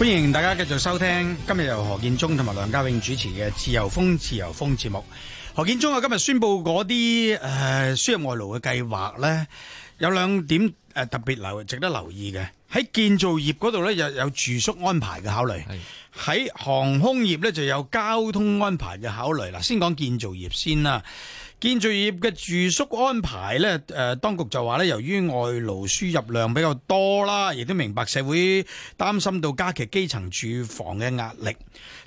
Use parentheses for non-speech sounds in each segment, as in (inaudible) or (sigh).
歡迎大家繼續收聽今日由何建宗同埋梁家永主持嘅自由風自由風節目。何建宗啊，今日宣布嗰啲誒輸入外勞嘅計劃呢，有兩點誒、呃、特別留值得留意嘅。喺建造業嗰度呢，又有住宿安排嘅考慮；喺的航空業呢，就有交通安排嘅考慮。嗱，先講建造業先啦。建造業嘅住宿安排呢，誒，當局就話呢由於外勞輸入量比較多啦，亦都明白社會擔心到加劇基層住房嘅壓力，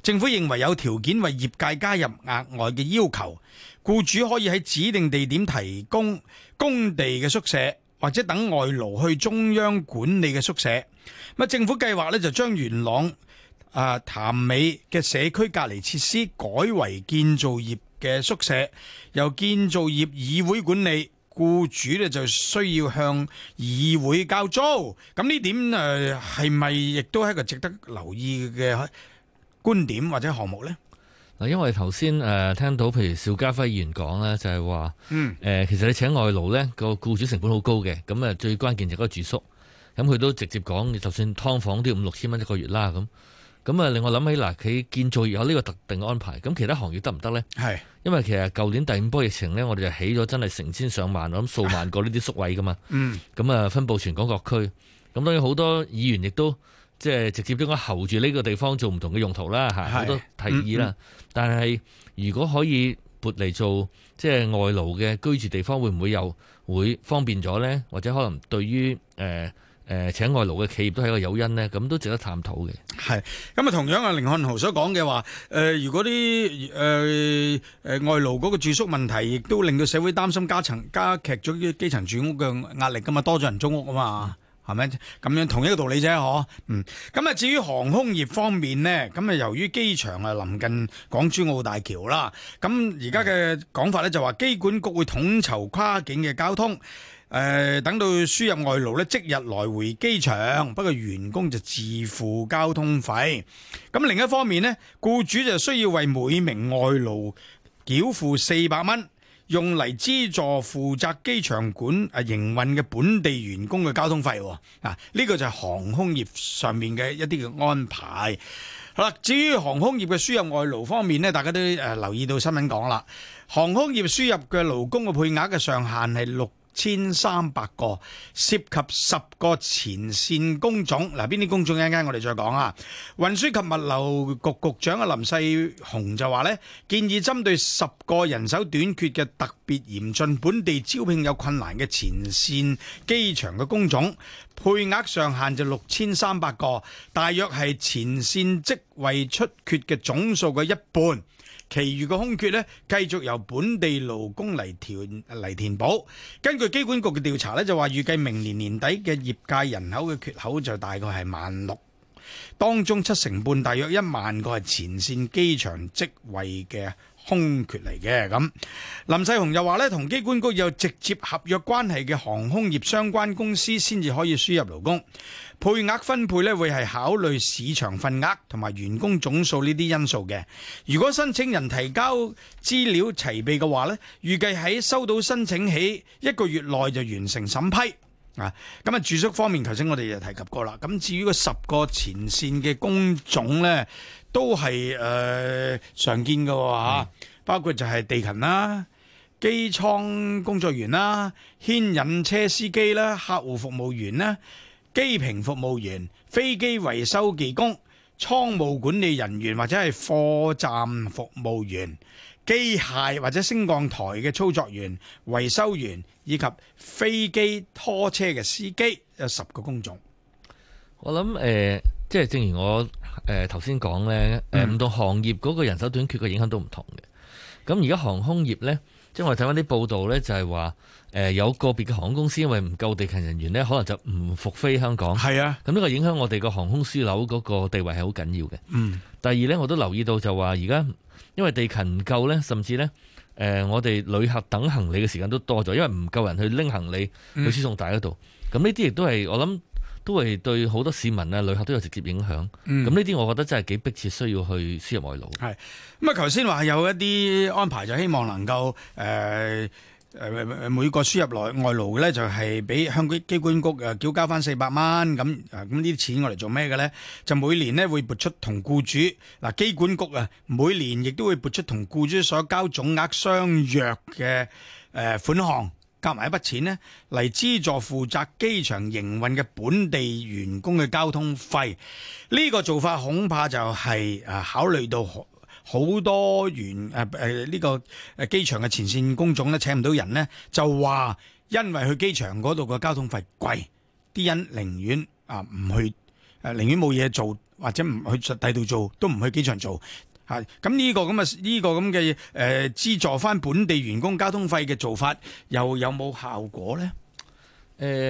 政府認為有條件為業界加入額外嘅要求，僱主可以喺指定地點提供工地嘅宿舍，或者等外勞去中央管理嘅宿舍。咁政府計劃呢就將元朗、啊、潭尾嘅社區隔離設施改為建造業嘅宿舍由建造業議會管理，僱主咧就需要向議會交租。咁呢點誒係咪亦都係一個值得留意嘅觀點或者項目呢？嗱，因為頭先誒聽到譬如邵家輝議員講咧，就係、是、話，嗯，誒、呃，其實你請外勞咧個僱主成本好高嘅，咁啊最關鍵就嗰個住宿。咁佢都直接講，就算劏房都要五六千蚊一個月啦，咁。咁啊，令我諗起嗱，佢建造業有呢個特定安排，咁其他行業得唔得呢？係是，因為其實舊年第五波疫情呢，我哋就起咗真係成千上萬，我諗數萬個呢啲宿位噶嘛、啊。嗯。咁啊，分佈全港各區。咁當然好多議員亦都即係直接將佢候住呢個地方做唔同嘅用途啦，吓是，好多提議啦。嗯嗯但係，如果可以撥嚟做即係外勞嘅居住地方，會唔會又會方便咗呢？或者可能對於誒？呃誒、呃，請外勞嘅企業都係一個誘因呢，咁都值得探討嘅。係，咁啊，同樣啊，凌漢豪所講嘅話，誒、呃，如果啲誒誒外勞嗰個住宿問題，亦都令到社會擔心加層加劇咗啲基層住屋嘅壓力噶嘛，多咗人租屋啊嘛，係咪？咁樣同一個道理啫，嗬。嗯，咁啊、嗯，至於航空業方面呢，咁啊，由於機場啊臨近港珠澳大橋啦，咁而家嘅講法咧就話機管局會統籌跨境嘅交通。誒、呃，等到輸入外勞呢即日來回機場，不過員工就自付交通費。咁另一方面呢僱主就需要為每名外勞繳付四百蚊，用嚟資助負責機場管啊營運嘅本地員工嘅交通費。啊，呢、呢個就係航空業上面嘅一啲嘅安排。好啦，至於航空業嘅輸入外勞方面呢大家都留意到新聞講啦，航空業輸入嘅勞工嘅配額嘅上限係六。千三百個涉及十個前線工種，嗱，邊啲工種？一陣間我哋再講啊。運輸及物流局局長啊林世雄就話呢建議針對十個人手短缺嘅特別嚴峻、本地招聘有困難嘅前線機場嘅工種，配額上限就六千三百個，大約係前線職位出缺嘅總數嘅一半。其餘嘅空缺呢繼續由本地勞工嚟填嚟填補。根據機管局嘅調查呢就話預計明年年底嘅業界人口嘅缺口就大概係萬六，當中七成半大約一萬個係前線機場職位嘅空缺嚟嘅。咁林世雄又話呢同機管局有直接合約關係嘅航空業相關公司先至可以輸入勞工。配額分配咧會係考慮市場份額同埋員工總數呢啲因素嘅。如果申請人提交資料齊備嘅話咧，預計喺收到申請起一個月內就完成審批啊。咁啊，住宿方面頭先我哋就提及過啦。咁至於個十個前線嘅工種咧，都係誒常見㗎吓，包括就係地勤啦、機艙工作員啦、牽引車司機啦、客戶服務員啦。機坪服務員、飛機維修技工、倉務管理人員或者係貨站服務員、機械或者升降台嘅操作員、維修員以及飛機拖車嘅司機，有十個工種。我諗誒、呃，即係正如我誒頭先講呢，誒、呃、唔同行業嗰個人手短缺嘅影響都唔同嘅。咁而家航空業呢？即係我睇翻啲報道呢，就係話誒有個別嘅航空公司因為唔夠地勤人員呢，可能就唔復飛香港。係啊，咁呢個影響我哋個航空樞紐嗰個地位係好緊要嘅。嗯，第二呢，我都留意到就話而家因為地勤唔夠呢，甚至呢，誒、呃、我哋旅客等行李嘅時間都多咗，因為唔夠人去拎行李去輸送帶嗰度。咁呢啲亦都係我諗，都係對好多市民旅客都有直接影響。咁呢啲，我覺得真係幾迫切，需要去輸入外勞。咁啊！頭先話有一啲安排就希望能夠誒、呃呃、每個輸入外外嘅咧，就係俾香港機管局誒繳交翻四百蚊咁。咁呢啲錢我嚟做咩嘅咧？就每年咧會撥出同僱主嗱機管局啊，每年亦都會撥出同僱主所交總額相若嘅款項。夾埋一筆錢呢嚟資助負責機場營運嘅本地員工嘅交通費，呢個做法恐怕就係考慮到好多員誒呢個誒機場嘅前線工種咧請唔到人呢，就話因為去機場嗰度嘅交通費貴，啲人寧願啊唔去誒寧願冇嘢做或者唔去實第度做都唔去機場做。係咁呢個咁啊呢個咁嘅誒資助翻本地員工交通費嘅做法又有冇效果咧？誒、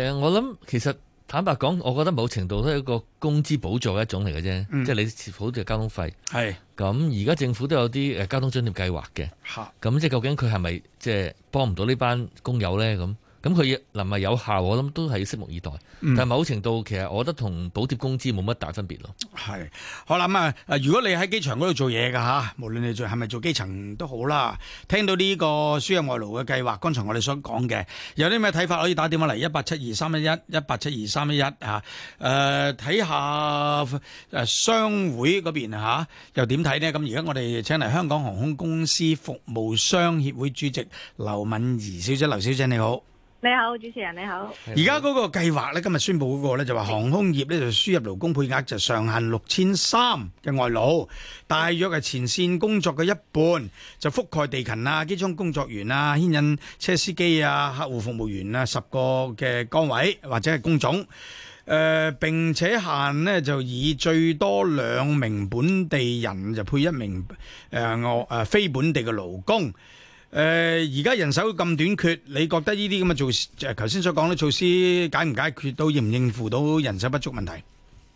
呃，我諗其實坦白講，我覺得某程度都係一個工資補助一種嚟嘅啫，嗯、即係你補貼嘅交通費係。咁而家政府都有啲誒交通津貼計劃嘅，吓是。咁、嗯、即係究竟佢係咪即係幫唔到呢班工友咧？咁？咁佢能唔有效，我諗都係拭目以待。但係某程度，其實我覺得同補貼工資冇乜大分別咯。係我諗啊，如果你喺機場嗰度做嘢嘅吓，無論你做係咪做基層都好啦，聽到呢個輸入外勞嘅計劃，剛才我哋所講嘅有啲咩睇法，可以打電話嚟一八七二三一一一八七二三一一嚇。誒、呃，睇下誒商會嗰邊嚇、啊、又點睇呢？咁而家我哋請嚟香港航空公司服務商協會主席劉敏儀小姐，劉小姐你好。你好，主持人你好。而家嗰個計劃呢，今日宣布嗰個呢就話航空業呢就輸入勞工配額就上限六千三嘅外勞，大約係前線工作嘅一半，就覆蓋地勤啊、機艙工作員啊、牽引車司機啊、客戶服務員啊十個嘅崗位或者係工種。誒、呃，並且限呢就以最多兩名本地人就配一名誒我誒非本地嘅勞工。誒而家人手咁短缺，你覺得呢啲咁嘅措施，誒頭先所講嘅措施，解唔解決到應唔應付到人手不足問題？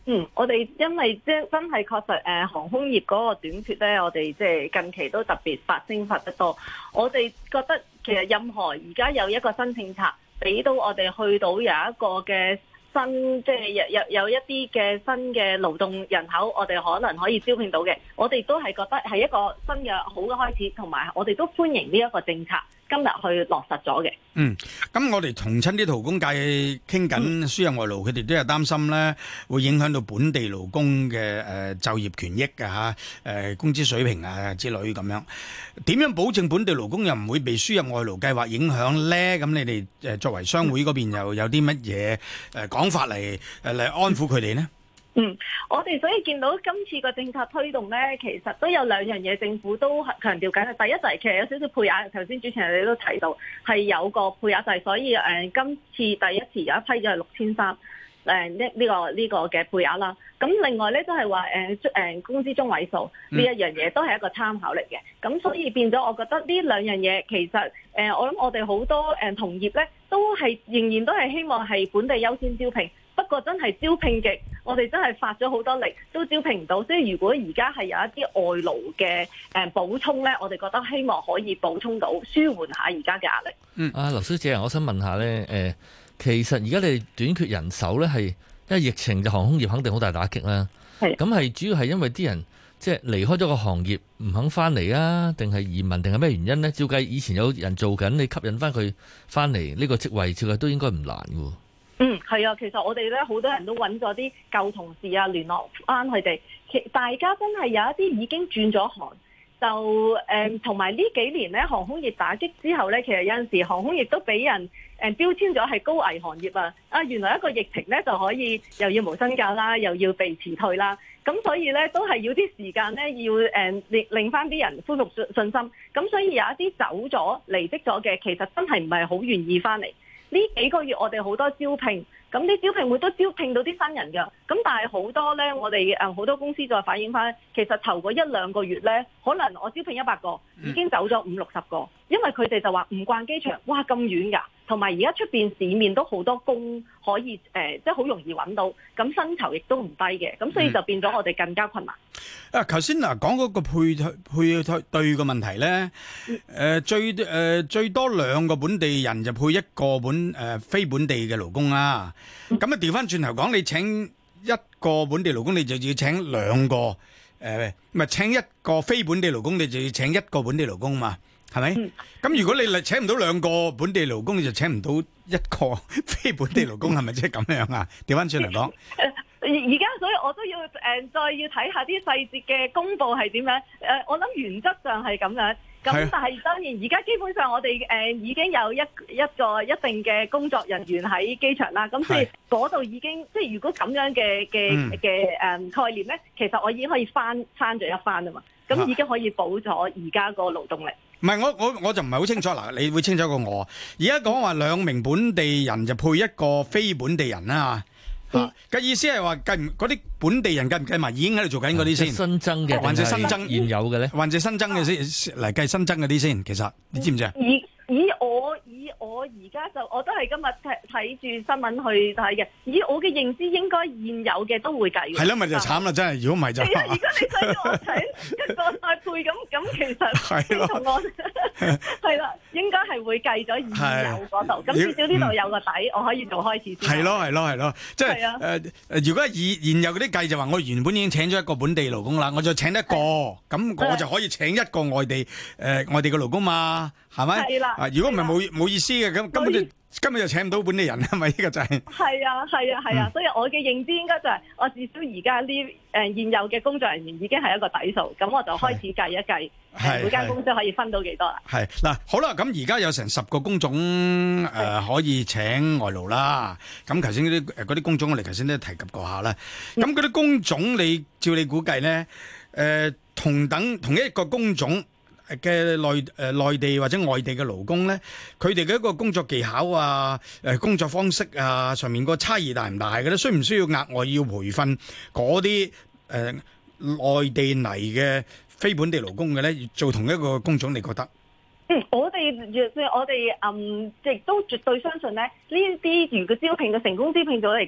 嗯，我哋因為即真係確實誒航空業嗰個短缺咧，我哋即近期都特別發聲發得多。我哋覺得其實任何而家有一個新政策，俾到我哋去到有一個嘅。新即係有有有一啲嘅新嘅勞動人口，我哋可能可以招聘到嘅。我哋都係覺得係一個新嘅好嘅開始，同埋我哋都歡迎呢一個政策。今日去落實咗嘅。嗯，咁我哋同親啲勞工界傾緊輸入外勞，佢哋都有擔心咧，會影響到本地勞工嘅誒就業權益㗎吓，誒工資水平啊之類咁樣。點樣保證本地勞工又唔會被輸入外勞計劃影響咧？咁你哋誒作為商會嗰邊又有啲乜嘢誒講法嚟誒嚟安撫佢哋呢？嗯嗯嗯，我哋所以見到今次個政策推動咧，其實都有兩樣嘢，政府都強調緊。第一就係其實有少少配額，頭先主持人你都提到係有個配額，就係所以誒、嗯、今次第一次有一批就係六千三誒呢呢個呢、呢個嘅配額啦。咁、嗯、另外咧都係話誒誒工資中位數呢一樣嘢都係一個參考嚟嘅。咁、嗯、所以變咗，我覺得呢兩樣嘢其實誒、呃，我諗我哋好多誒、嗯、同業咧都係仍然都係希望係本地優先招聘。不過真係招聘極，我哋真係發咗好多力，都招聘唔到。所以如果而家係有一啲外勞嘅誒補充呢，我哋覺得希望可以補充到，舒緩下而家嘅壓力。嗯，阿、啊、劉小姐，我想問下呢，誒，其實而家你短缺人手呢，係因為疫情，航空業肯定好大打擊啦。係。咁係主要係因為啲人即係離開咗個行業，唔肯翻嚟啊？定係移民？定係咩原因呢？照計以前有人做緊，你吸引翻佢翻嚟呢個職位，照計都應該唔難嘅。嗯，係啊，其實我哋咧好多人都揾咗啲舊同事啊，聯絡翻佢哋。其大家真係有一啲已經轉咗行，就誒，同埋呢幾年咧航空業打擊之後咧，其實有陣時航空業都俾人誒標籤咗係高危行業啊！啊，原來一個疫情咧就可以又要無薪假啦，又要被辭退啦，咁所以咧都係要啲時間咧要誒令令翻啲人恢復信信心。咁所以有一啲走咗離職咗嘅，其實真係唔係好願意翻嚟。呢幾個月我哋好多招聘，咁啲招聘會都招聘到啲新人㗎，咁但係好多呢，我哋誒好多公司再反映返，其實頭嗰一兩個月呢。可能我招聘一百個，已經走咗五六十個，嗯、因為佢哋就話唔慣機場，哇咁遠㗎，同埋而家出面市面都好多工可以誒、呃，即係好容易揾到，咁薪酬亦都唔低嘅，咁所以就變咗我哋更加困難。嗯、啊，頭先嗱講嗰個配配對嘅問題咧，誒、嗯呃、最誒、呃、最多兩個本地人就配一個本誒、呃、非本地嘅勞工啦、啊。咁啊調翻轉頭講，你請一個本地勞工，你就要請兩個。誒，咪、呃、請一個非本地勞工，你就要請一個本地勞工嘛，係咪？咁、嗯、如果你嚟請唔到兩個本地勞工，你就請唔到一個非本地勞工，係咪即係咁樣啊？調翻轉嚟講，而而家所以我都要誒、呃，再要睇下啲細節嘅公布係點樣。誒、呃，我諗原則上係咁樣。咁但係當然，而家基本上我哋誒、呃、已經有一一個一定嘅工作人員喺機場啦。咁所以嗰度已經是即係如果咁樣嘅嘅嘅誒概念咧，其實我已經可以翻翻咗一番啊嘛。咁已經可以補咗而家個勞動力。唔係，我我我就唔係好清楚啦。 (laughs) 你會清楚過我。而家講話兩名本地人就配一個非本地人啦。啊！嘅意思係話計唔嗰啲本地人計唔計埋，已經喺度做緊嗰啲先，新增嘅，增的或者新增現有嘅咧，或者、啊、新增嘅先嚟計新增嗰啲先。其實你知唔知啊？嗯以我以我而家就我都係今日睇睇住新聞去睇嘅，以我嘅認知應該現有嘅都會計嘅。係咯，咪就慘啦！真係，如果唔係就。係啊，如果你想我請一個代配咁咁，其實你同我係啦，應該係會計咗現有嗰度。咁至少呢度有個底，我可以做開始先。係咯，係咯，係咯，即係誒。如果以現有嗰啲計就話，我原本已經請咗一個本地勞工啦，我就請一個，咁我就可以請一個外地誒外地嘅勞工嘛，係咪？係啦。啊！如果唔係冇冇意思嘅，咁根本就意根本就請唔到本地人啊嘛。呢個就係。係啊，係啊，係啊！所以我嘅認知應該就係、是，我至少而家啲誒現有嘅工作人員已經係一個底數，咁我就開始計一計，是每間公司可以分到幾多啦？嗱、啊，好啦，咁而家有成十個工種誒、呃，可以請外勞啦。咁頭先嗰啲嗰啲工種我哋頭先都提及過下啦。咁嗰啲工種你照你估計咧，誒、呃、同等同一個工種。嘅內誒內地或者外地嘅勞工咧，佢哋嘅一個工作技巧啊、誒工作方式啊上面個差異大唔大嘅咧？需唔需要額外要培訓嗰啲誒內地嚟嘅非本地勞工嘅咧？做同一個工種，你覺得？我哋我哋嗯，即係、嗯、都絕對相信咧，呢啲如果招聘嘅成功招聘到嚟嘅誒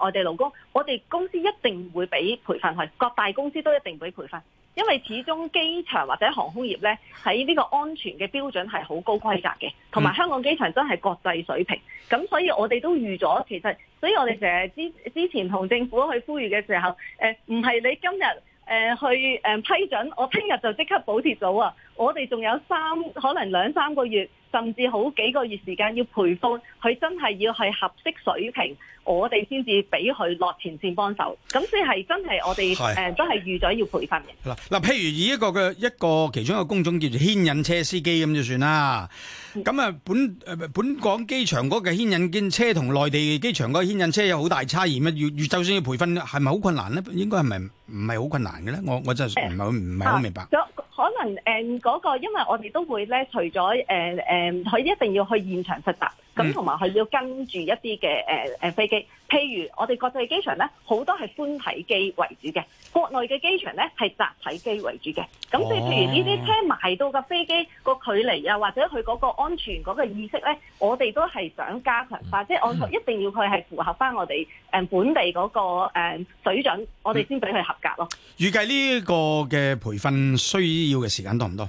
誒外地勞工，我哋公司一定會俾培訓，係各大公司都一定俾培訓。因為始終機場或者航空業呢，喺呢個安全嘅標準係好高規格嘅，同埋香港機場真係國際水平，咁所以我哋都預咗，其實，所以我哋成日之之前同政府去呼籲嘅時候，誒唔係你今日誒去誒批准，我聽日就即刻補貼到啊，我哋仲有三可能兩三個月。甚至好幾個月時間要培訓，佢真係要係合適水平，我哋先至俾佢落前線幫手。咁即係真係我哋誒的、呃、都係預咗要培訓嘅。嗱嗱、嗯，譬如以、這、一個嘅一個其中一個工種叫做牽引車司機，咁就算啦。咁啊，嗯、本本港機場嗰個牽引機車同內地機場個牽引車有好大差異咩？越越就算要培訓，係咪好困難咧？應該係咪唔係好困難嘅咧？我我真係唔係唔係好明白。哎啊啊、可能誒、那、嗰個，因為我哋都會咧，除咗誒誒，佢、呃呃、一定要去現場實習。咁同埋佢要跟住一啲嘅誒誒飛機，譬如我哋國際機場咧，好多係寬體機為主嘅；國內嘅機場咧，係窄體機為主嘅。咁即係譬如呢啲車埋到嘅飛機個距離啊，或者佢嗰個安全嗰個意識咧，我哋都係想加強化，即係按一定要佢係符合翻我哋誒本地嗰個誒水準，嗯、我哋先俾佢合格咯。預計呢個嘅培訓需要嘅時間多唔多？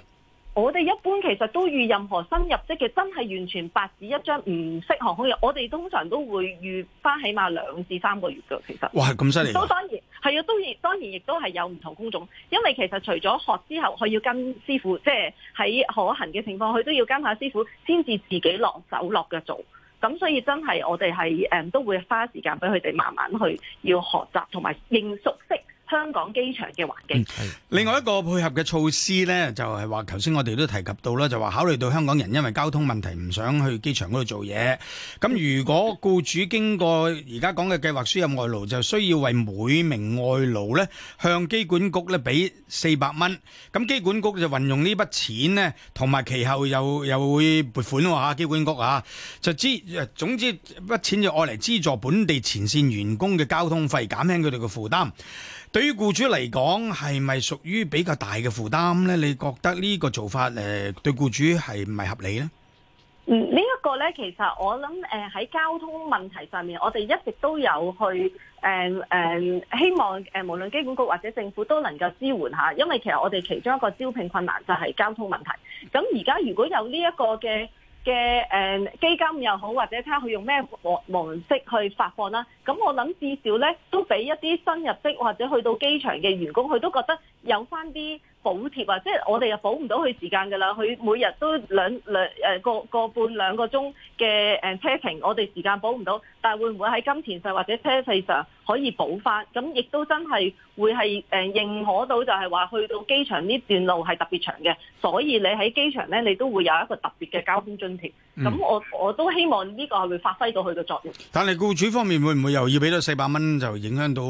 我哋一般其實都遇任何新入職嘅，真係完全白紙一張唔識航空嘅。我哋通常都會預翻起碼兩至三個月嘅。其實，哇，咁犀利！都當然係啊，當然當然亦都係有唔同工種，因為其實除咗學之後，佢要跟師傅，即係喺可行嘅情況，佢都要跟下師傅先至自己落手落腳做。咁所以真係我哋係、嗯、都會花時間俾佢哋慢慢去要學習同埋認熟悉。香港機場嘅環境。嗯、另外一個配合嘅措施呢，就係話頭先我哋都提及到啦，就話考慮到香港人因為交通問題唔想去機場嗰度做嘢，咁如果僱主經過而家講嘅計劃輸入外勞，就需要為每名外勞呢向機管局呢俾四百蚊。咁機管局就運用呢筆錢呢，同埋其後又又會撥款喎、啊、機管局啊，就知總之筆錢就愛嚟資助本地前線員工嘅交通費，減輕佢哋嘅負擔。對於僱主嚟講，係咪屬於比較大嘅負擔呢？你覺得呢個做法誒、呃，對僱主係唔係合理呢？呢一，嗯，這個呢，其實我諗誒、喺，呃、交通問題上面，我哋一直都有去誒誒，呃呃，希望誒、呃，無論機管局或者政府都能夠支援一下，因為其實我哋其中一個招聘困難就係交通問題。咁而家如果有呢一個嘅。嘅誒基金又好，或者睇下佢用咩模模式去發放啦。咁我諗至少咧，都俾一啲新入職或者去到機場嘅員工，佢都覺得有翻啲補貼啊！即係我哋又補唔到佢時間㗎啦，佢每日都兩兩誒個個半兩個鐘嘅、呃、車程，我哋時間補唔到。但係會唔會喺金錢上或者車費上可以補翻？咁亦都真係會係誒、呃、認可到，就係話去到機場呢段路係特別長嘅，所以你喺機場呢，你都會有一個特別嘅交通津貼。咁、嗯、我我都希望呢個係會發揮到佢嘅作用。但係僱主方面會唔會又要俾多四百蚊，就影響到、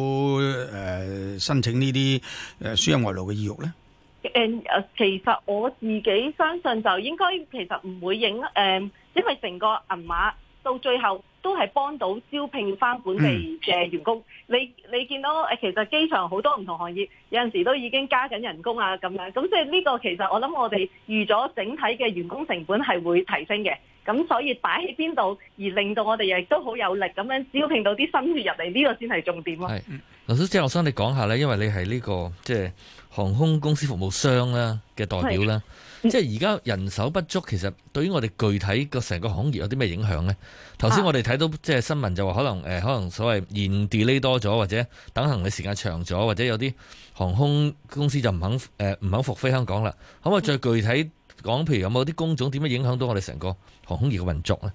呃、申請呢啲誒輸入外勞嘅意欲呢？誒，其實我自己相信就應該，其實唔會影誒，因為成個銀碼到最後。都係幫到招聘翻本地嘅員工。嗯、你你見到其實機場好多唔同行業，有陣時都已經加緊人工啊咁樣。咁即係呢個其實我諗我哋預咗整體嘅員工成本係會提升嘅。咁所以擺喺邊度而令到我哋亦都好有力咁樣招聘到啲新血入嚟，呢、呢個先係重點咯、啊。係，劉小姐，劉生你講下呢，因為你係呢個即係航空公司服務商啦嘅代表啦。即係而家人手不足，其實對於我哋具體個成個行業有啲咩影響呢？頭先我哋。睇到即係新聞就話可能誒、呃，可能所謂延地 e 多咗，或者等行嘅時間長咗，或者有啲航空公司就唔肯誒，唔、呃、肯復飛香港啦。可唔可以再具體講，譬如有冇啲工種點樣影響到我哋成個航空業嘅運作咧？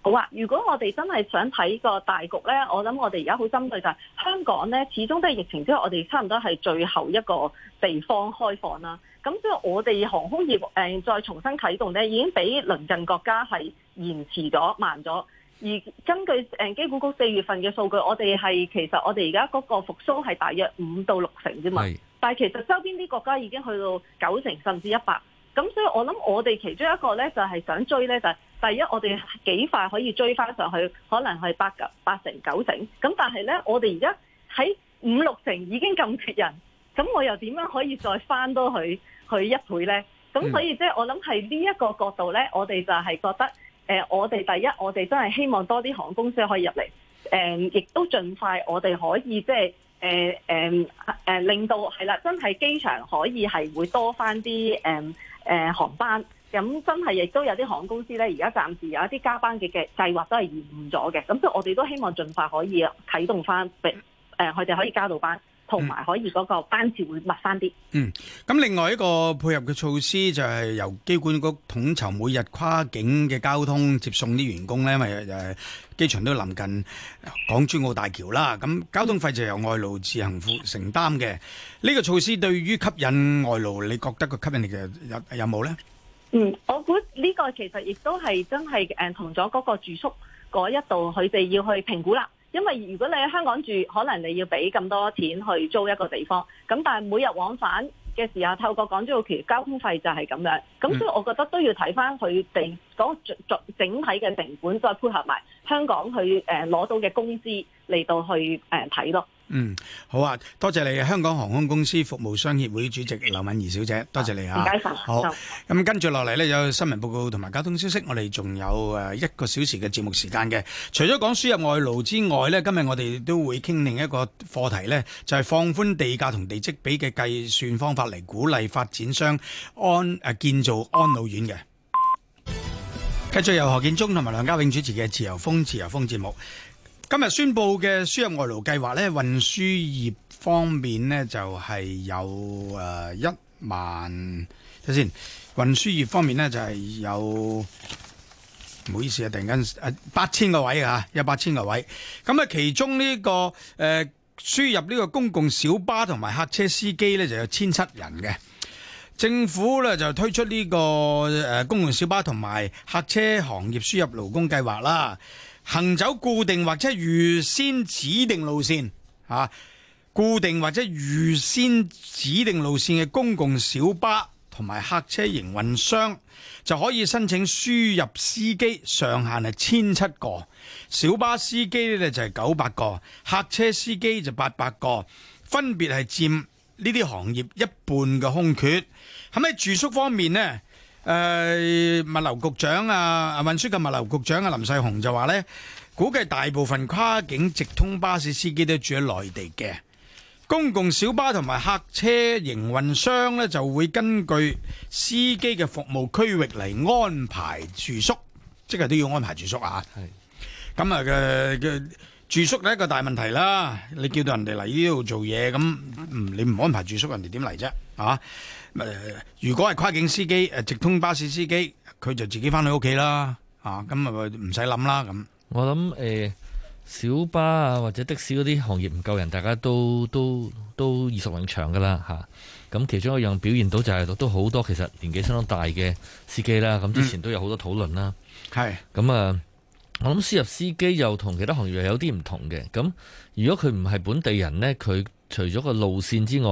好啊，如果我哋真係想睇個大局咧，我諗我哋而家好針對就係香港咧，始終都係疫情之後，我哋差唔多係最後一個地方開放啦。咁即係我哋航空業誒、呃、再重新啟動咧，已經比鄰近國家係延遲咗、慢咗。而根據誒機管局四月份嘅數據，我哋係其實我哋而家嗰個復甦係大約五到六成啫嘛。是但係其實周邊啲國家已經去到九成甚至一百。咁所以我諗我哋其中一個咧就係、是、想追咧就係、是、第一，我哋幾快可以追翻上去，可能係八九八成九成。咁但係咧，我哋而家喺五六成已經咁缺人，咁我又點樣可以再翻多去去一倍咧？咁所以即係我諗係呢一個角度咧，我哋就係覺得。誒，我哋第一，我哋真係希望多啲航空公司可以入嚟。誒，亦都盡快，我哋可以即係誒誒誒令到係啦，真係機場可以係會多翻啲誒誒航班。咁真係亦都有啲航空公司咧，而家暫時有一啲加班嘅嘅計劃都係延誤咗嘅。咁即係我哋都希望盡快可以啟動翻，俾誒佢哋可以加到班。同埋可以嗰個班次會密翻啲。嗯，咁另外一個配合嘅措施就係由機管局統籌每日跨境嘅交通接送啲員工咧，因為誒機場都臨近港珠澳大橋啦，咁交通費就由外勞自行負承擔嘅。呢個措施對於吸引外勞，你覺得個吸引力嘅有有冇咧？嗯，我估呢個其實亦都係真係誒同咗嗰個住宿嗰一度，佢哋要去評估啦。因為如果你喺香港住，可能你要俾咁多錢去租一個地方，咁但係每日往返嘅時候，透過港珠澳橋交通費就係咁樣，咁所以我覺得都要睇翻佢地講整體嘅成本，再配合埋香港佢攞到嘅工資嚟到去睇咯。嗯，好啊，多謝你，香港航空公司服務商協會主席劉敏儀小姐，多謝你啊。唔該晒。好，咁跟住落嚟呢，有新聞報告同埋交通消息，我哋仲有誒一個小時嘅節目時間嘅。除咗講輸入外勞之外呢，今日我哋都會傾另一個課題呢，就係、是、放寬地價同地積比嘅計算方法嚟鼓勵發展商安誒、啊、建造安老院嘅。繼續由何建忠同埋梁家永主持嘅自由風自由風節目。今日宣布嘅輸入外勞計劃咧，運輸業方面呢就係、是、有誒、呃、一萬睇先，運輸業方面呢就係、是、有，唔好意思啊，突然間八千個位啊，有、呃、八千個位。咁啊、嗯，其中呢、這個誒輸、呃、入呢個公共小巴同埋客車司機呢就有千七人嘅。政府咧就推出呢、這個誒、呃、公共小巴同埋客車行業輸入勞工計劃啦。行走固定或者預先指定路線啊，固定或者預先指定路線嘅公共小巴同埋客車營運商就可以申請輸入司機上限係千七個，小巴司機呢就係九百個，客車司機就八百個，分別係佔呢啲行業一半嘅空缺。喺住宿方面呢。誒、呃，物流局長啊，運輸及物流局局長啊，林世雄就話呢，估計大部分跨境直通巴士司機都住喺內地嘅，公共小巴同埋客車營運商呢，就會根據司機嘅服務區域嚟安排住宿，即係都要安排住宿是啊。係，咁啊嘅嘅住宿呢一個大問題啦。你叫到人哋嚟呢度做嘢，咁唔你唔安排住宿，人哋點嚟啫？呃、如果係跨境司機、誒直通巴士司機，佢就自己返去屋企啦，嚇咁咪唔使諗啦。咁我諗誒、呃、小巴啊或者的士嗰啲行業唔夠人，大家都都都耳熟能詳㗎喇嚇。咁、啊、其中一樣表現到就係、是、都好多其實年紀相當大嘅司機啦。咁、啊、之前都有好多討論啦，係咁啊。我諗輸入司機又同其他行業係有啲唔同嘅。咁如果佢唔係本地人呢，佢除咗個路線之外，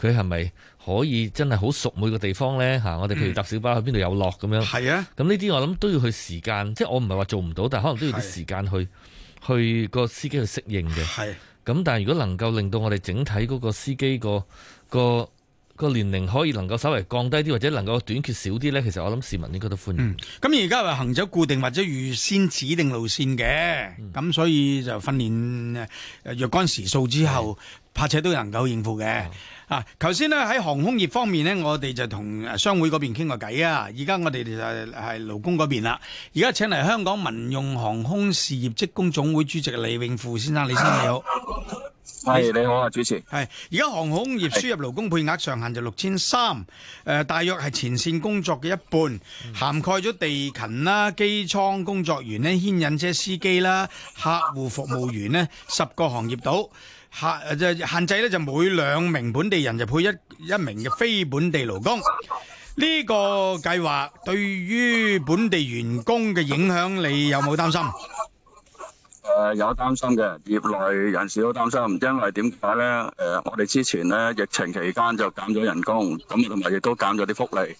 佢係咪？可以真係好熟每個地方呢。吓、我哋譬如搭小巴去邊度有落咁樣。係、嗯、啊，咁呢啲我諗都要去時間，即係我唔係話做唔到，但可能都要啲時間去是去個司機去適應嘅。係是，咁但係如果能夠令到我哋整體嗰個司機、嗰個個年齡可以能夠稍微降低啲，或者能夠短缺少啲呢？其實我諗市民應該都歡迎。咁而家話行走固定或者預先指定路線嘅，咁、嗯、所以就訓練若干時數之後，泊車都能夠應付嘅。嗯、啊，頭先呢，喺航空業方面呢，我哋就同商會嗰邊傾過偈啊。而家我哋就係勞工嗰邊啦。而家請嚟香港民用航空事業職工總會主席李永富先生，李先生好。啊你好啊，主持。係而家航空業輸入勞工配額上限就六千三，誒、呃，大約係前綫工作嘅一半，涵蓋咗地勤啦、機艙工作員咧、牽引車司機啦、客戶服務員呢十個行業到限誒，限制呢，就每兩名本地人就配一一名嘅非本地勞工。呢、呢個計劃對於本地員工嘅影響，你有冇擔心？誒，有擔心嘅，業內人士都擔心，因為點解咧？誒，我哋之前咧，疫情期間就減咗人工，咁同埋亦都減咗啲福利，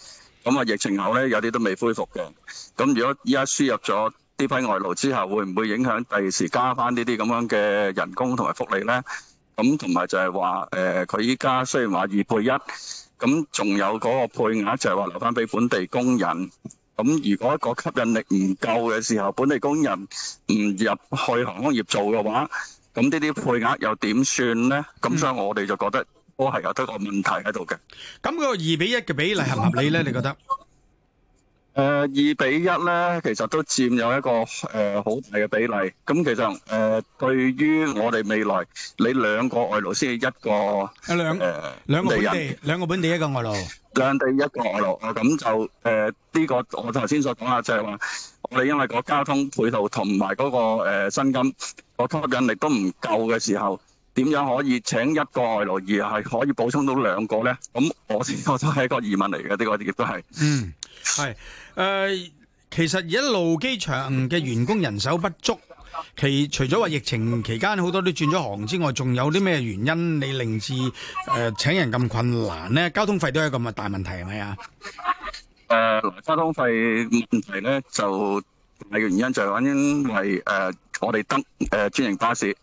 咁啊，疫情後咧，有啲都未恢復嘅。咁如果依家輸入咗呢批外勞之後，會唔會影響第二時加翻呢啲咁樣嘅人工同埋福利咧？咁同埋就係話，誒，佢依家雖然話二倍一，咁仲有嗰個配額，就係話留翻俾本地工人。咁如果個吸引力唔夠嘅時候，本地工人唔入去航空業做嘅話，咁呢啲配額又點算咧？咁所以我哋就覺得都係有得個問題喺度嘅。咁個二比一嘅比例合唔合理咧？你覺得？誒，二比一咧，其實都佔有一個誒好大嘅比例。咁其實誒，對於我哋未來，你兩個外勞先，一個誒，兩誒，兩個本地，兩個本地一個外勞，兩地一個外勞。我咁就誒，呢個我頭先所講啊，就係話我哋因為個交通配套同埋嗰個誒薪金個吸引力都唔夠嘅時候。點樣可以請一個外勞而係可以補充到兩個咧？咁我覺得係一個疑問嚟嘅，呢個亦都係。嗯，係誒，其實一路機場嘅員工人手不足，其除咗話疫情期間好多都轉咗行之外，仲有啲咩原因你令至誒請人咁困難咧？交通費都係一個咁嘅大問題係咪啊？誒，交通費問題咧就第二個原因就係因為誒我哋得誒專營巴士。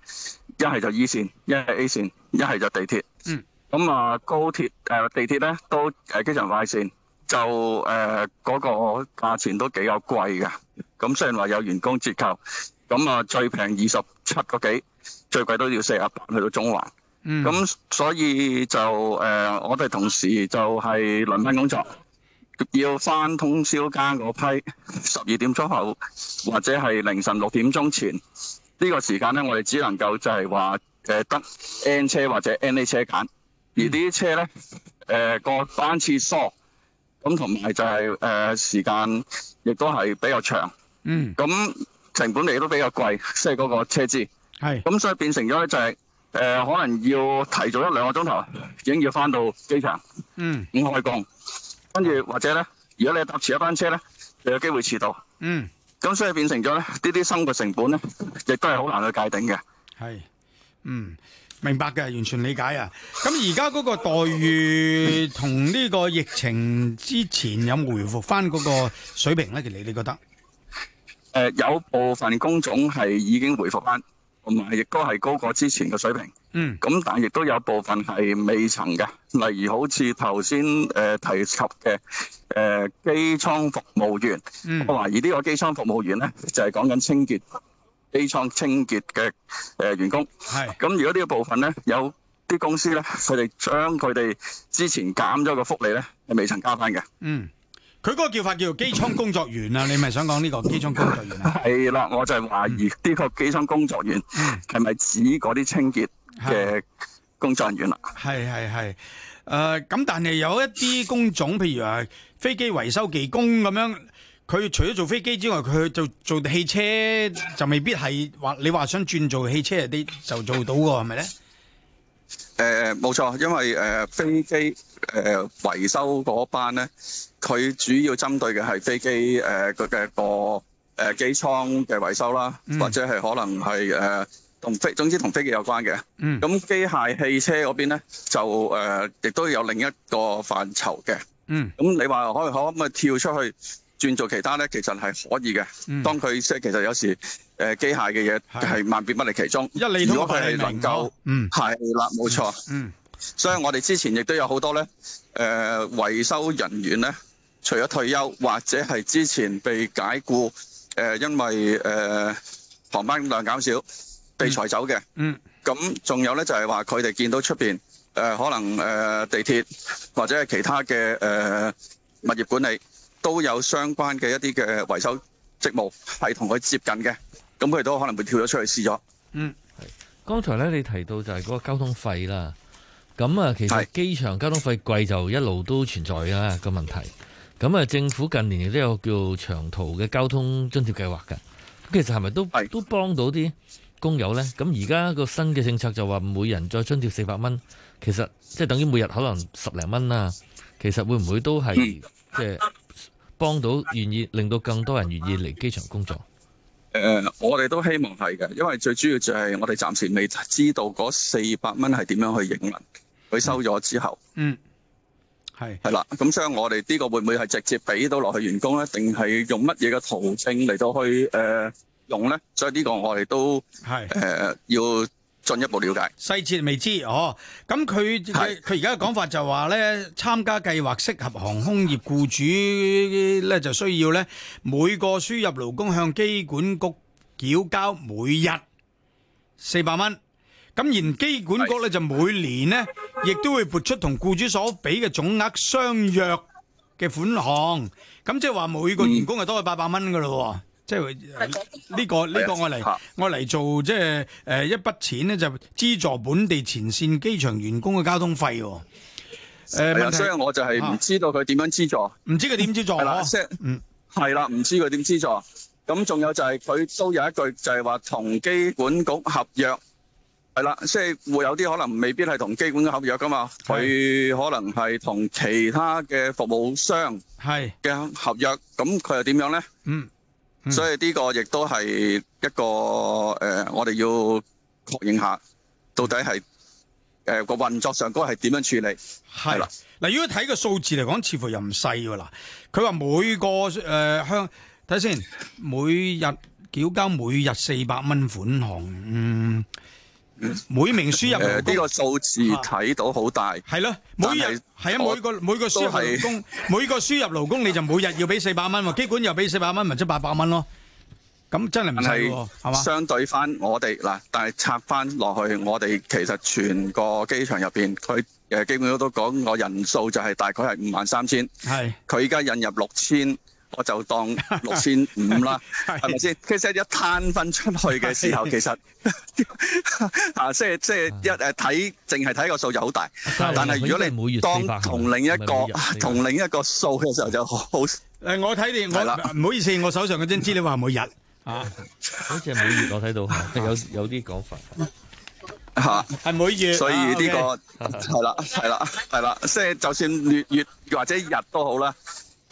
一係就 E 線，一係 A 線，一係就地鐵。嗯。咁啊，高鐵誒、呃，地鐵咧都誒機場快線，就誒嗰、呃那個價錢都比較貴㗎。咁雖然話有員工折扣，咁啊最平二十七個幾，最貴都要四啊八去到中環。嗯。咁所以就誒、呃，我哋同事就係輪班工作，要翻通宵間嗰批，十二點鐘後或者係凌晨六點鐘前。呢個時間咧，我哋只能夠就係話誒得 N 車或者 N A 車揀，而啲車咧誒個班次疏，咁同埋就係、是、誒、呃、時間亦都係比較長。Mm. 嗯。咁成本嚟都比較貴，即係嗰個車資。咁是、嗯、所以變成咗就係、是、誒、呃、可能要提早一兩個鐘頭已經要翻到機場。嗯。咁開工，跟住或者咧，mm. 如果你搭遲一班車咧，你有機會遲到。嗯。Mm. 咁所以變成咗咧，呢啲生活成本咧，亦都係好難去界定嘅。係，嗯，明白嘅，完全理解啊。咁而家嗰個待遇同呢個疫情之前有冇回復翻嗰個水平咧？其實你，你覺得？呃，有部分工種係已經回復翻。同埋亦都係高過之前嘅水平，嗯，咁但係亦都有部分係未曾嘅，例如好似頭先誒提及嘅誒機艙服務員，嗯，我懷疑呢個機艙服務員咧就係講緊清潔機艙清潔嘅誒員工，係是，咁如果呢個部分咧有啲公司咧，佢哋將佢哋之前減咗個福利咧係未曾加返嘅，嗯。佢嗰個叫法叫做機艙工作員啊，你咪想講呢個機艙工，工，工作員啊？係啦，我就懷疑呢個機艙工作員係咪指嗰啲清潔嘅工作人員啊？係係係，誒、呃，咁但係有一啲工種，譬如係飛機維修技工咁樣，佢除咗做飛機之外，佢做汽就做汽車就未必係話你話想轉做汽車啲就做到噶，係咪咧？誒，冇錯、呃，因為誒、呃、飛機誒維修嗰班咧，佢主要針對嘅係飛機誒嘅嗰誒機艙嘅維修啦，嗯、或者係可能係誒同飛，總之同飛機有關嘅。咁機、嗯、械汽車嗰邊咧，就誒亦、呃、都有另一個範疇嘅。咁、嗯、你話可以可唔可以跳出去？轉做其他咧，其實係可以嘅。當佢即係其實有時誒機械嘅嘢係萬變不離其宗。因為你如果佢係能夠，係啦，冇錯。所以我哋之前亦都有好多咧誒維修人員咧，除咗退休或者係之前被解僱誒，因為誒航班量減少被裁走嘅。咁仲有咧就係話佢哋見到出邊誒可能誒地鐵或者係其他嘅誒物業管理。都有相關嘅一啲嘅維修職務係同佢接近嘅，咁佢都可能會跳咗出去試咗。嗯，係。剛才咧，你提到就係嗰個交通費啦。咁啊，其實機場交通費貴就一路都存在啦個問題。咁啊，政府近年亦都有叫長途嘅交通津貼計劃㗎。咁其實係咪都是都幫到啲工友咧？咁而家個新嘅政策就話每人再津貼四百蚊，其實即係等於每日可能十零蚊啊。其實會唔會都係、嗯、即係？幫到願意，令到更多人願意嚟機場工作。誒、嗯，我哋都希望係嘅，因為最主要就係我哋暫時未知道嗰四百蚊係點樣去營運，佢收咗之後，嗯，係係啦。咁所以我哋呢個會唔會係直接俾到落去員工咧？定係用乜嘢嘅途徑嚟到去誒用咧？所以呢個我哋都係誒是、呃、要。進一步了解細節未知哦，咁佢佢而家嘅講法就話咧，參加計劃適合航空業僱主咧，就需要咧每個輸入勞工向機管局繳交每日四百蚊，咁而機管局咧就每年咧亦都會撥出同僱主所俾嘅總額相約嘅款項，咁即係話每個員工係多佢八百蚊噶啦。即係呢個呢、呢個我嚟的我嚟做即係誒一筆錢咧就是，資助本地前線機場員工嘅交通費。誒、呃，所以我就係唔知道佢點樣資助，唔、啊、知佢點資助。係啦，唔知佢點資助。咁仲有就係佢都有一句就係話同機管局合約。係啦，即係會有啲可能未必係同機管局合約噶嘛，佢可能係同其他嘅服務商係嘅合約。咁佢的又點樣咧？嗯。所以呢個亦都係一個誒、呃，我哋要確認下，到底係誒個運作上嗰個係點樣處理？係啦是，嗱吧，如果睇個數字嚟講，似乎又唔細喎嗱。佢話每個誒、呃、香，睇先，每日繳交每日四百蚊款項。嗯。每名輸入誒，呢、嗯呃這個數字睇到好大係咯，啊啊，每日係是啊，每個每個輸入勞工，每個輸入勞工，是勞工你就每日要俾四百蚊，機管又俾四百蚊，咪即八百蚊咯。咁真係唔細喎，係嘛是？吧相對翻我哋嗱，但係拆翻落去，我哋其實全個機場入邊，佢誒，基本上都都講我人數就係大概係五萬三千，係佢而家引入六千。我就當六千五啦，係咪先？其實一攤分出去嘅時候，其實啊，即係即係一誒睇，淨係睇個數就好大。但係如果你當同另一個同另一個數嘅時候就好。誒，我睇你，我唔好意思，我手上嘅資料話每日啊，好似係每月，我睇到有有啲講法吓，係每月。所以呢個係啦，係啦，係啦，即係就算月月或者日都好啦。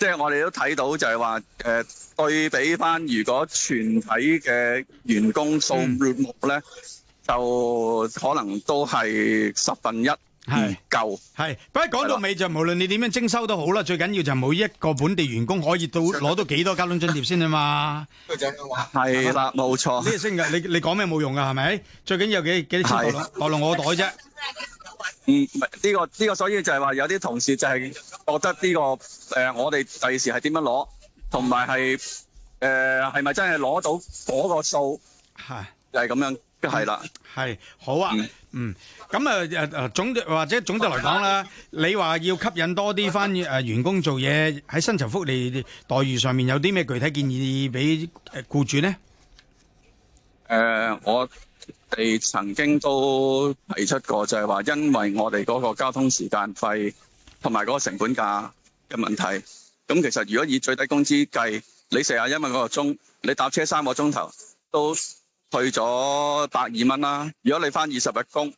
即係我哋都睇到，就係話誒對比翻，如果全體嘅員工數目咧，就可能都係十分一唔夠。係，不過講到尾就無論你點樣徵收都好啦，最緊要就每一個本地員工可以到攞到幾多加侖津貼先啊嘛。係啦，冇錯。呢個升嘅，你你講咩冇用㗎係咪？最緊要有幾幾多錢落落我袋啫。呢個呢個，這個、所以就係話有啲同事就係覺得呢、這個誒、呃，我哋第時係點樣攞，同埋係誒係咪真係攞到嗰個數？係就係、是、咁樣，係、就、啦、是，係好啊。嗯，咁啊誒，總或者總嘅嚟講啦，哎、呀你話要吸引多啲翻誒員工做嘢，喺薪酬福利待遇上面有啲咩具體建議俾誒雇主呢？誒、呃，我。我哋曾經都提出過，就係話，因為我哋嗰個交通時間費同埋嗰個成本價嘅問題，咁其實如果以最低工資計，你成四十蚊嗰個鐘，你搭車三個鐘頭都去咗百二蚊啦。如果你翻二十日工，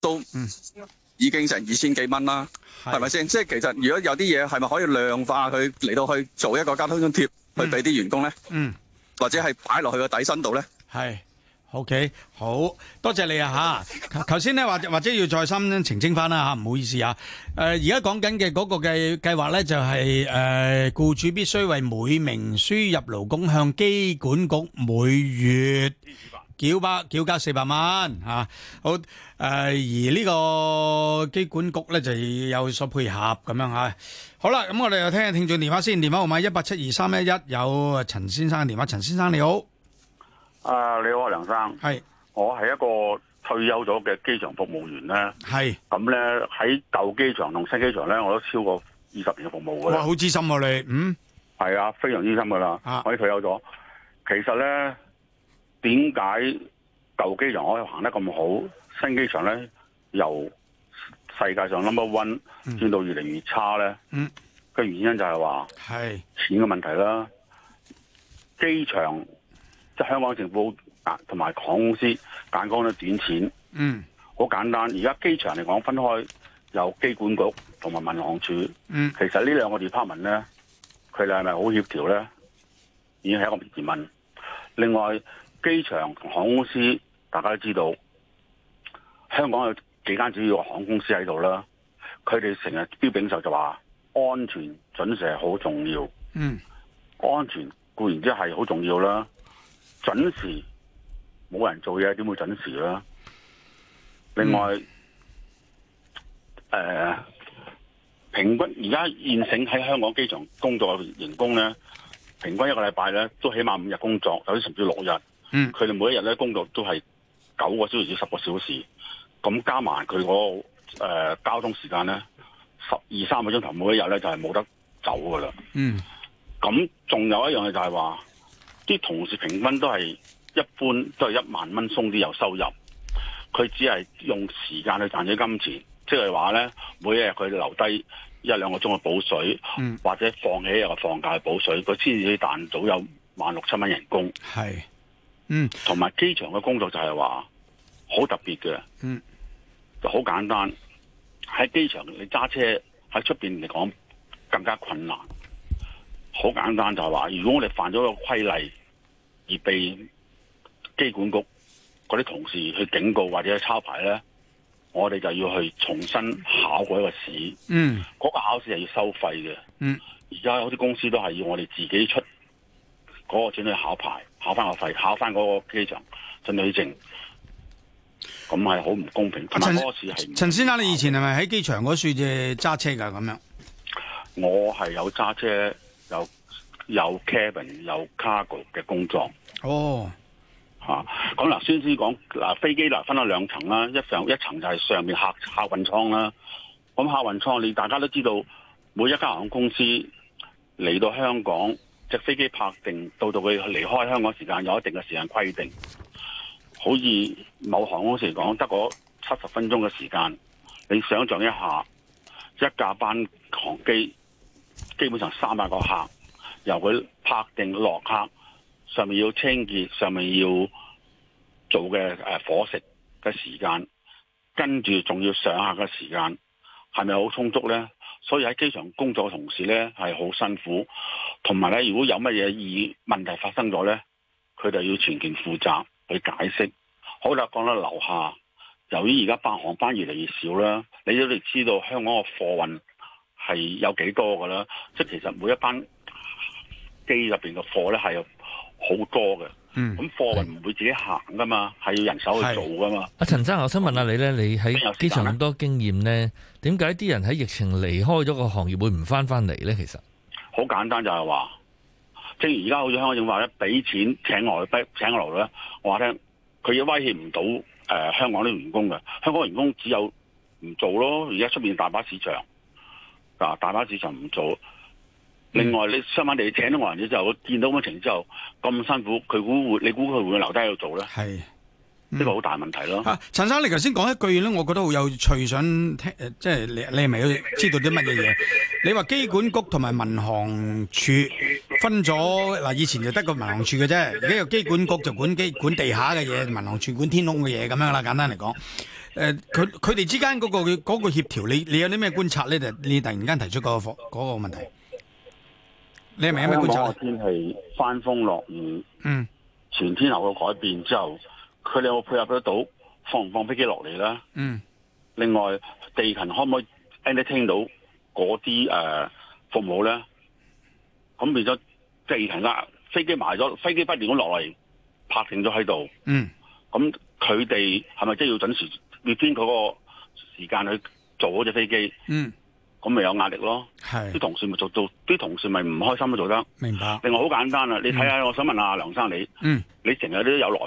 都已經成二千幾蚊啦，係咪先？吧是即係其實如果有啲嘢係咪可以量化佢嚟到去做一個交通津貼去俾啲員工咧、嗯？嗯，或者係擺落去個底薪度咧？係。O、okay, K，好，多謝你啊！吓、啊，頭頭先咧，或或者要再三澄清翻啦吓，唔、啊、好意思啊。誒、呃，而家講緊嘅嗰個嘅計劃咧，就係、是、誒，僱、呃、主必須為每名輸入勞工向機管局每月繳百繳交四百元啊。好誒、呃，而呢個機管局咧就有所配合咁樣吓、啊。好啦，咁我哋又聽下聽眾電話先，電話號碼一八七二三一一，有陳先生嘅電話，陳先生你好。啊，你好啊，梁生，係是，我係一個退休咗嘅機場服務員咧，係是，咁咧喺舊機場同新機場咧，我都超過二十年嘅服務噶啦，哇，好資深啊你，嗯，係啊，非常資深噶啦，啊、我已經退休咗。其實咧，點解舊機場可以行得咁好，新機場咧由世界上 number one 轉到越嚟越差咧？嗯，嘅原因就係話係錢嘅問題啦，機場。即係香港政府啊，同埋航空公司簡單啲短錢，好簡單。而家機場嚟講，分開有機管局同埋民航處，其實呢兩個 department 咧，佢哋係咪好協調咧？已經係一個疑問。另外，機場同航空公司，大家都知道，香港有幾間主要航空公司喺度啦。佢哋成日標炳手就話，安全準時係好重要。嗯、安全固然之係好重要啦。準時，冇人做嘢，點會準時啦？另外，誒、嗯呃，平均而家現，現成喺香港機場工作嘅員工咧，平均一個禮拜咧都起碼五日工作，有啲甚至六日。嗯，佢哋每一日咧工作都係九個小時至十個小時，咁加埋佢個誒交通時間咧，十二三個鐘頭，每一日咧就係冇得走噶啦。嗯，咁仲有一樣嘢就係話。啲同事平均都係一般，都係一萬蚊鬆啲有收入。佢只係用時間去賺咗金錢，即係話咧，每一日佢留低一兩個鐘嘅補水，嗯、或者放起一日放假去補水，佢先至賺到有萬六七蚊人工。係，嗯，同埋機場嘅工作就係話好特別嘅，嗯，就好簡單。喺機場你揸車喺出面嚟講更加困難。好簡單就係話，如果我哋犯咗個規例。而被機管局嗰啲同事去警告或者去抄牌咧，我哋就要去重新考過一個試。嗯，嗰個考試係要收費嘅。嗯，而家好啲公司都係要我哋自己出嗰個錢去考牌，考翻個費，考翻嗰個機場准許證。咁係好唔公平，同埋嗰個試係。陳先生，你以前係咪喺機場嗰處嘅揸車噶？咁樣？我係有揸車有。有有 cabin 有 cargo 嘅工作哦，吓咁嗱，先先講嗱，飛機嗱分咗兩層啦，一上一層就係上面客客運艙啦。咁客運艙，你大家都知道，每一家航空公司嚟到香港隻飛機泊定到，到佢離開香港時間有一定嘅時間規定。好似某航空公司嚟講得嗰七十分鐘嘅時間，你想象一下，一架班航機基本上三百個客。由佢拍定落客，上面要清潔，上面要做嘅誒伙食嘅時間，跟住仲要上下嘅時間，係咪好充足咧？所以喺機場工作嘅同事咧係好辛苦，同埋咧如果有乜嘢異問題發生咗咧，佢就要全權負責去解釋。好啦，講到樓下，由於而家班航班越嚟越少啦，你都哋知道香港嘅貨運係有幾多嘅啦，即係其實每一班。機入邊嘅貨咧係有好多嘅，咁貨運唔會自己行噶嘛，係的要人手去做噶嘛。阿陳生，我想問下你咧，你喺機場咁多經驗咧，點解啲人喺疫情離開咗個行業會唔翻翻嚟？咧其實好簡單就係話，即係而家好似香港政府話咧，俾錢請外逼請勞力咧，我話聽佢要威脅唔到誒香港啲員工嘅，香港員工只有唔做咯。而家出面大把市場，嗱大把市場唔做。嗯、另外，你上晚你請咗外人之後，見到咁情之後咁辛苦，佢估會，你估佢會唔會留低喺度做咧？係呢、嗯、個好大問題咯。陳、啊、生，你頭先講一句咧，我覺得好有趣，想聽，呃、即係你你係咪知道啲乜嘢嘢？你話機管局同埋民航處分咗嗱、呃，以前就得個民航處嘅啫，而家有機管局就管機管地下嘅嘢，民航處管天空嘅嘢咁樣啦。簡單嚟講，誒、呃，佢佢哋之間嗰、那個嗰、那個協調，你你有啲咩觀察咧？就你突然間提出、那個嗰、那個問題。你明唔明？因為網天氣翻風落雨，嗯，全天候嘅改變之後，佢哋有冇配合得到？放唔放飛機落嚟咧？嗯。另外，地勤可唔可以 ending 到嗰啲誒服務咧？咁變咗，地勤啦。飛機埋咗，飛機不斷咁落嚟，泊停咗喺度。嗯。咁佢哋係咪即係要準時要先嗰個時間去做嗰隻飛機？嗯。咁咪有壓力咯，啲係同事咪做做，啲同事咪唔開心都做得。明白。另外好簡單啦，你睇下，嗯、我想問下梁生你，嗯，你成日都有來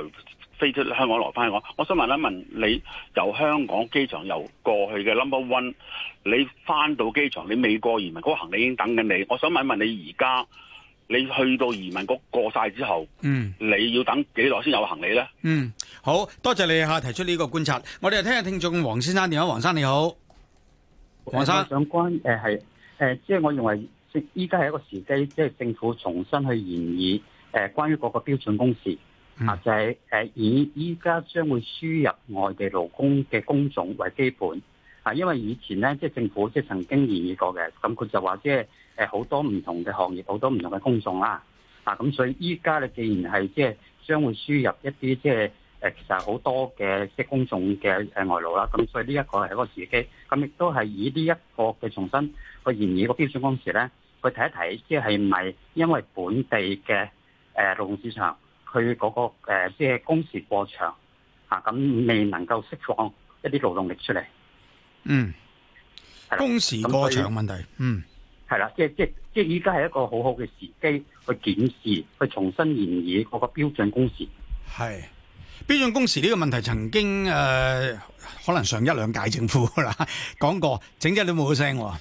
飛出香港來翻嚟，我，我想問一問你由香港機場由過去嘅 Number One，你翻到機場你未過移民局、那個、行李已經等緊你，我想問一問你而家你去到移民局過晒之後，嗯，你要等幾耐先有行李咧？嗯，好多謝你嚇提出呢個觀察，我哋聽下聽眾黃先生電話，黃生你好。我想關誒係誒，即係我認為，依家係一個時機，即係政府重新去研議誒，關於各個標準工時，啊就係誒以依家將會輸入外地勞工嘅工種為基本，啊因為以前咧即係政府即係曾經研議過嘅，咁佢就話即係誒好多唔同嘅行業，好多唔同嘅工種啦，啊咁所以依家咧既然係即係將會輸入一啲即係。誒其實好多嘅即係公眾嘅誒外勞啦，咁所以呢一個係一個時機，咁亦都係以呢一個嘅重新去研議個標準工時咧，去睇一睇，即係係咪因為本地嘅誒勞動市場佢嗰個誒即係、呃、工時過長啊、咁、未能夠釋放一啲勞動力出嚟。嗯，啦工時過長問題。它嗯，係啦，即係即係即係依家係一個好好嘅時機去檢視，去重新研議個個標準工時。係。標準工時呢個問題曾經呃，可能上一兩屆政府講講過，整隻都冇聲喎。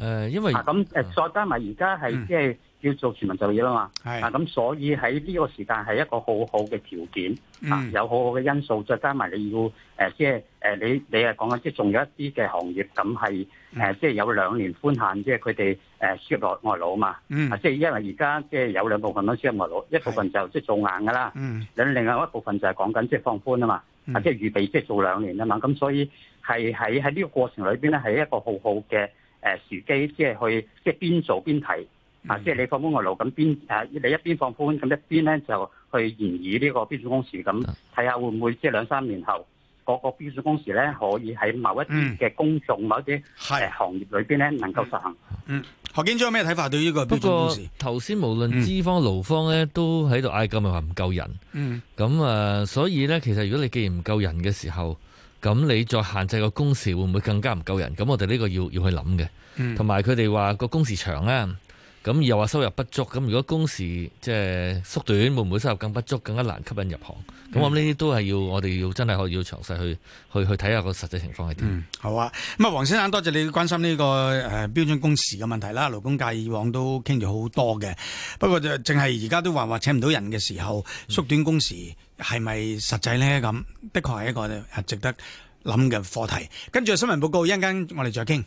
誒，因為咁誒、啊，再加埋而家係即係要做全民就業啦嘛，係是啊，咁所以喺呢個時間係一個好好嘅條件，嚇、嗯啊、有好好嘅因素，再加埋你要誒，即係誒，你你係講緊即係仲有一啲嘅行業咁係誒，即係、嗯呃就是、有兩年寬限，即係佢哋誒輸入外外勞啊嘛，嗯，啊，即、就、係、是、因為而家即係有兩部分都輸入外勞，是一部分就即係做硬噶啦，嗯，另另外一部分就係講緊即係放寬啊嘛，嗯、啊，即係預備即係做兩年啊嘛，咁所以係喺喺呢個過程裏邊咧，係一個好好嘅。誒時、呃、機，即係去，即係邊做邊睇啊！即係你放寬外勞咁你一邊放寬咁一邊咧就去研擬呢個標準工時咁，睇下會唔會即係兩三年後，嗰、那個標準工時咧可以喺某一啲嘅工種、嗯、某一啲是、呃、行業裏邊咧能夠實行。嗯，何建章有咩睇法對呢個標準工時？頭先無論資方勞方咧都喺度嗌救命咁咪話唔夠人。嗯，咁啊、呃，所以咧其實如果你既然唔夠人嘅時候。咁你再限制個工時，會唔會更加唔夠人？咁我哋呢個要要去諗嘅，同埋佢哋話個工時長啊，咁又話收入不足。咁如果工時即係縮短，會唔會收入更不足，更加難吸引入行？咁、嗯、我諗呢啲都係要我哋要真係要詳細去去去睇下個實際情況係點。好啊，咁啊，黃先生，多謝你關心呢個誒標準工時嘅問題啦。勞工界以往都傾咗好多嘅，不過就淨係而家都話話請唔到人嘅時候縮短工時。嗯係咪實際呢？咁的確係一個值得諗嘅課題。跟住新聞報告，一陣間我哋再傾。